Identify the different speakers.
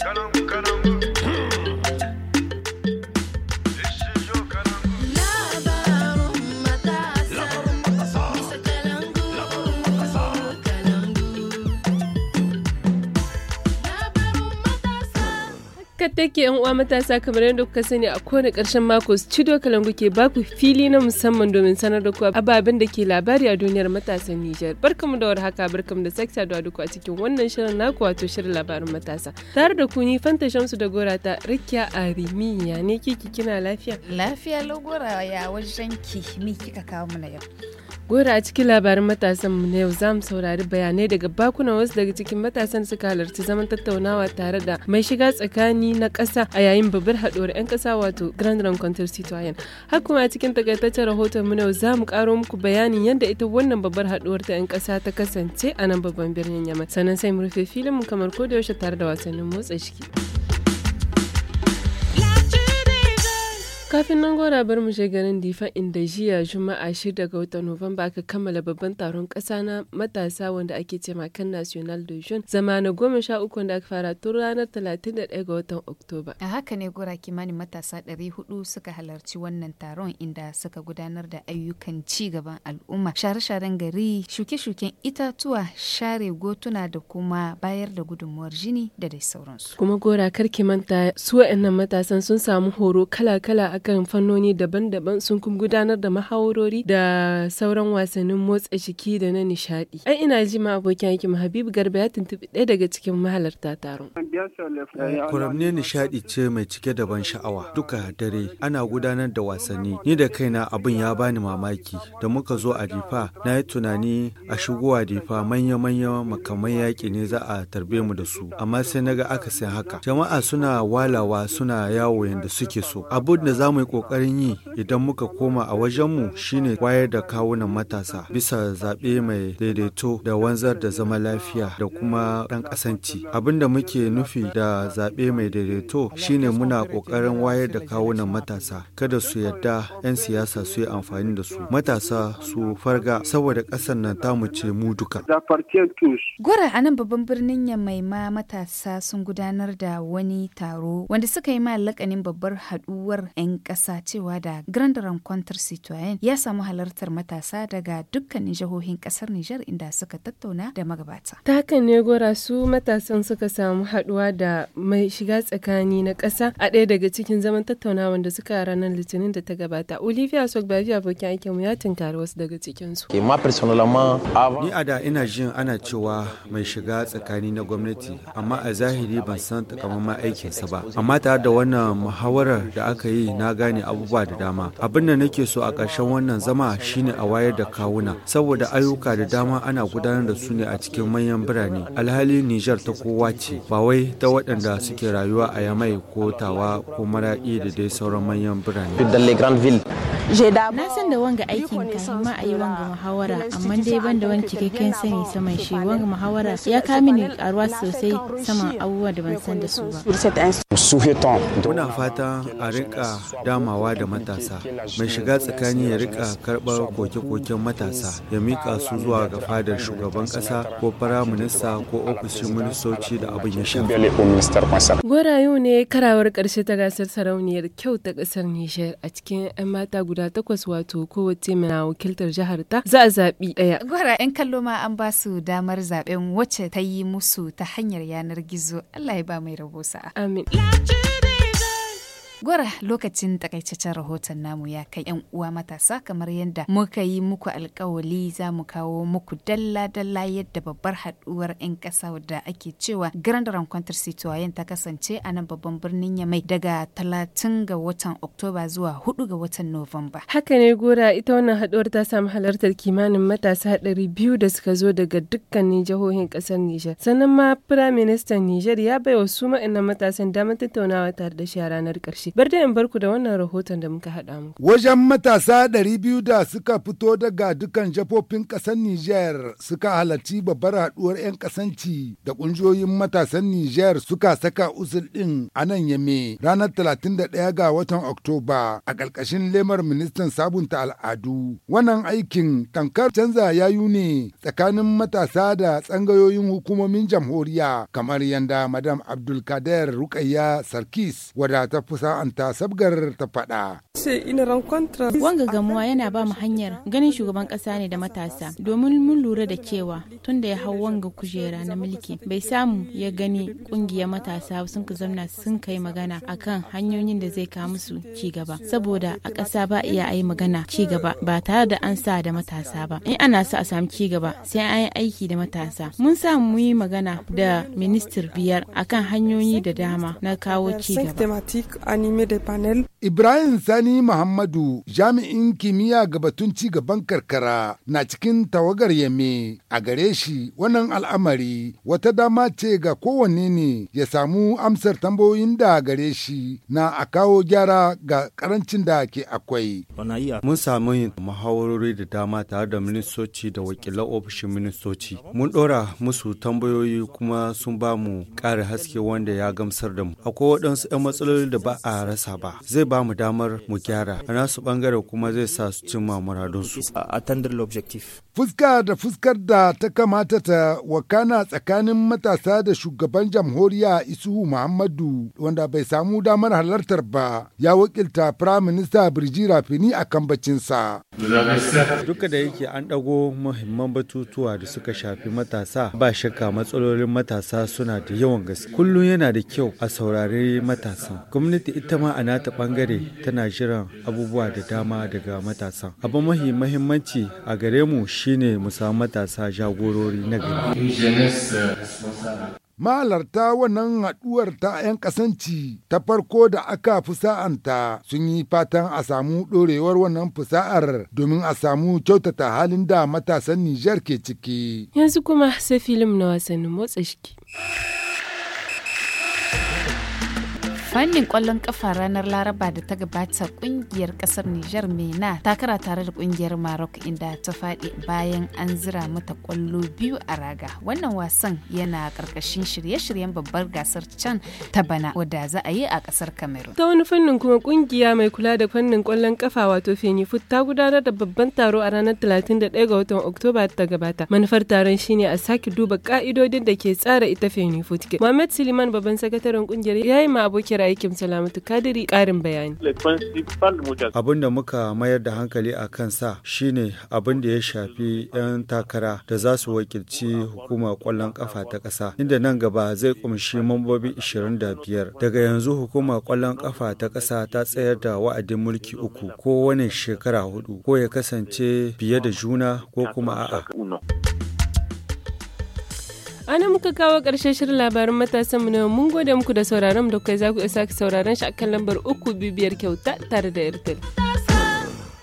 Speaker 1: Caramba, caramba. ke yan uwa matasa kamar yadda kuka sani a kowane karshen mako Studio Kalangu ke baku fili na musamman domin sanar da ku ababen da ke labari a duniyar matasan Nijar. Barkamu da haka barkamu da sake saduwa duku a cikin wannan shirin naku wato shirin labarin matasa. Tare da ku ni Fanta Shamsu da Gora ta Rikiya Arimi ya ne kiki kina lafiya? Lafiya
Speaker 2: lo Gora ya wajen ki ni kika kawo mana yau.
Speaker 1: Gora a cikin labarin matasan mu na yau za mu saurari bayanai daga bakuna wasu daga cikin matasan suka halarci zaman tattaunawa tare da mai shiga tsakani na ƙasa a yayin babbar haɗuwar 'yan kasa wato Grand Rencontre Citoyen. Har kuma a cikin takaitaccen rahoton mu na yau za mu ƙaro muku bayanin yadda ita wannan babbar haɗuwar ta 'yan ƙasa ta kasance a nan babban birnin Yamma. Sannan sai mu rufe filin mu kamar ko da yaushe tare da wasannin motsa jiki. Kafin nan gora bar mu garin Difa inda jiya Juma'a 6 ga watan Nuwamba aka kammala babban taron ƙasa na matasa wanda ake ce kan National de Jeune zama na goma sha uku da aka fara tun ranar 31 ga watan Oktoba. A haka ne
Speaker 2: gora kimanin matasa 400 suka halarci wannan taron inda suka gudanar da ayyukan ci gaban al'umma share-sharen gari shuke-shuken itatuwa share gotuna da kuma bayar da gudummawar jini da dai sauransu.
Speaker 1: Kuma gora kar ki manta su waɗannan matasan sun samu horo kala-kala akan fannoni daban-daban sun kuma gudanar da mahawarori da sauran wasannin motsa jiki da na nishaɗi. Ai ina ji ma abokin aikin Habibu Garba ya tuntubi ɗaya daga cikin mahalarta taron.
Speaker 3: Eh, Kuramne nishaɗi ce mai cike da ban sha'awa duka dare ana gudanar da wasanni ni da kaina abin ya bani mamaki da muka zo a difa na yi tunani a a difa manya-manya makamai yaƙi ne za a tarbe mu da su amma sai na ga sai haka jama'a suna walawa suna yawo yadda suke so abun da za mu yi ƙoƙarin yi idan muka koma a wajenmu shine wayar da kawunan matasa bisa zaɓe mai daidaito da wanzar da zama lafiya da kuma ɗan ƙasanci. Abin da muke nufi da zaɓe mai daidaito shine muna ƙoƙarin wayar da kawunan matasa kada su yarda 'yan siyasa su yi amfani da su. Matasa su farga saboda ƙasar nan tamu ce mu duka.
Speaker 2: Gwara a nan babban birnin Yamai ma matasa sun gudanar da wani taro wanda suka yi ma lakanin babbar haɗuwar 'yan kasa ƙasa cewa da Grand Rencontre Citoyen ya samu halartar matasa daga dukkanin jihohin ƙasar Nijar inda suka tattauna da magabata.
Speaker 1: Ta hakan ne gora su matasan suka samu haɗuwa da mai shiga tsakani na ƙasa a ɗaya daga cikin zaman tattaunawa da suka ranar Litinin da ta gabata. Olivia Sogbavi abokin mu ya tunkari wasu daga cikinsu.
Speaker 3: Ni a da ina jin ana cewa mai shiga tsakani na gwamnati amma a zahiri ban san takamaiman aikinsa ba. Amma tare da wannan muhawarar da aka yi na na gane abubuwa da dama abin da nake so a ƙarshen wannan zama shine a wayar da kawuna saboda ayyuka da dama ana gudanar da su ne a cikin manyan birane alhali nijar ta kowa ce ba wai ta waɗanda suke rayuwa a yamai ko tawa ko maraɗi da dai sauran manyan birane
Speaker 1: Na san da wanga aikin ka ma a yi wanga muhawara amma dai ban da wani cikakken sani saman shi wanga muhawara ya kami ni karuwa sosai sama abubuwa da ban san da su ba.
Speaker 3: Muna fata a rika damawa da matasa mai shiga tsakani ya rika karɓar koke-koken matasa ya mika su zuwa ga fadar shugaban kasa ko minista ko ofishin ministoci da abin ya shafa.
Speaker 1: yau ne karawar ƙarshe ta gasar sarauniyar kyau ta ƙasar Nijar a cikin 'yan mata guda guda takwas wato kowace mana wakiltar jihar ta za a zaɓi ɗaya. Gwara 'yan kallo ma an basu damar zaɓen wacce ta yi
Speaker 2: musu ta hanyar yanar gizo. Allah ya ba mai rabo sa'a. Amin. Gwara lokacin takaitaccen rahoton namu ya kai 'yan uwa matasa kamar yadda muka yi muku alkawali za mu kawo muku dalla-dalla yadda babbar haduwar 'yan kasa da ake cewa Grand Rencontre Citoyen ta kasance a nan babban birnin Yamai daga 30 ga watan Oktoba zuwa 4 ga watan Nuwamba.
Speaker 1: Haka ne gora ita wannan haduwar ta samu halartar kimanin matasa biyu da suka zo daga dukkanin jihohin kasar Nijar. Sannan ma Firaministan Nijar ya baiwa su ma'ina matasan damar tattaunawa tare da shi a ranar ƙarshe. ce. Bar da in barku da wannan rahoton da muka haɗa muku.
Speaker 4: Wajen matasa ɗari biyu da suka fito daga dukkan jafofin ƙasar Nijar suka halarci babbar haɗuwar 'yan ƙasanci da ƙungiyoyin matasan Nijar suka saka usul ɗin a nan Yame ranar talatin da ɗaya ga watan Oktoba a ƙarƙashin lemar ministan sabunta al'adu. Wannan aikin tankar canza yayu ne tsakanin matasa da tsangayoyin hukumomin jamhuriya kamar yanda Madam Abdulkader Rukayya Sarkis wadda ta fusa ta sabgar ta faɗa.
Speaker 1: Wanga gamuwa yana ba mu hanyar ganin shugaban ƙasa ne da matasa domin mun lura da cewa tunda ya hau wanga kujera na mulki bai samu ya gani ƙungiyar matasa sun ka zamna sun kai magana akan hanyoyin da zai kawo musu ci gaba saboda a ƙasa ba iya ayi magana ci gaba ba tare da an sa da matasa ba in ana so a samu ci gaba sai an yi aiki da matasa mun sa mu yi magana da ministir biyar akan hanyoyi da dama na kawo ci gaba.
Speaker 4: panel. Ibrahim Sani Muhammadu jami'in kimiyya ga batun ci gaban karkara na cikin tawagar yame a gare shi wannan al'amari wata dama ce ga kowanne ne ya samu amsar tambayoyin da gare shi na a kawo gyara ga karancin da ke akwai.
Speaker 3: Mun samu muhawarori da dama tare da ministoci da wakilan ofishin ministoci. Mun ɗora musu tambayoyi kuma sun ba mu ƙara haske wanda ya gamsar da mu. Akwai waɗansu 'yan matsaloli da ba a rasa ba zai ba mu damar mu gyara a nasu bangare kuma zai sa su cimma muradunsu
Speaker 4: fuska da fuskar da ta kamata ta wakana tsakanin matasa da shugaban jamhuriya isuhu muhammadu wanda bai samu damar halartar ba ya wakilta firaminista birji birjira fini a kambacinsa
Speaker 3: duka da yake an ɗago muhimman batutuwa da suka shafi matasa ba shakka matsalolin matasa suna da yawan gaske kullum yana da kyau a saurari matasa. gwamnati ita ma a nata ɓangare tana jiran abubuwa da dama daga matasa. Abu mahi mahimmanci a gare mu shine mu samu matasa jagorori na gari.
Speaker 4: mahalarta wannan haɗuwar ta 'yan kasanci ta farko da aka fusa'anta sun yi fatan a samu ɗorewar wannan fusa'ar domin a samu kyautata halin da matasan Nijar ke ciki.
Speaker 1: Yanzu kuma sai filim na wasannin motsa shiki. fannin kwallon kafa
Speaker 2: ranar laraba da ta gabata kungiyar kasar nijar mena ta kara tare da kungiyar maroc inda ta faɗi bayan an zira mata kwallo biyu a raga wannan wasan yana karkashin shirye-shiryen babbar gasar can ta bana wadda za a yi a kasar cameroon ta
Speaker 1: wani fannin kuma kungiya mai kula da fannin kwallon kafa wato fenifut ta gudanar da babban taro a ranar 31 ga watan oktoba ta gabata manufar taron shine a sake duba ka'idodin da ke tsara ita fenifut muhammad Suleiman babban sakataren kungiyar ya ma abokin Rayikim Salamatu Kadiri ƙarin bayani.
Speaker 3: Abin da muka mayar da hankali a kansa shine abin da ya shafi 'yan takara da za su wakilci hukumar kwallon kafa ta ƙasa, inda nan gaba zai kumshi mambobi 25. Daga yanzu hukumar kwallon ƙafa ta ƙasa ta tsayar da wa'adin mulki uku ko wani shekara hudu ko ya kasance fiye da juna ko kuma a'a.
Speaker 1: ana muka kawo ƙarshen shirin labarin matasan mu na mun gode muku da sauraron da kai za ku isa sauraron shi akan lambar uku bibiyar kyauta tare da airtel.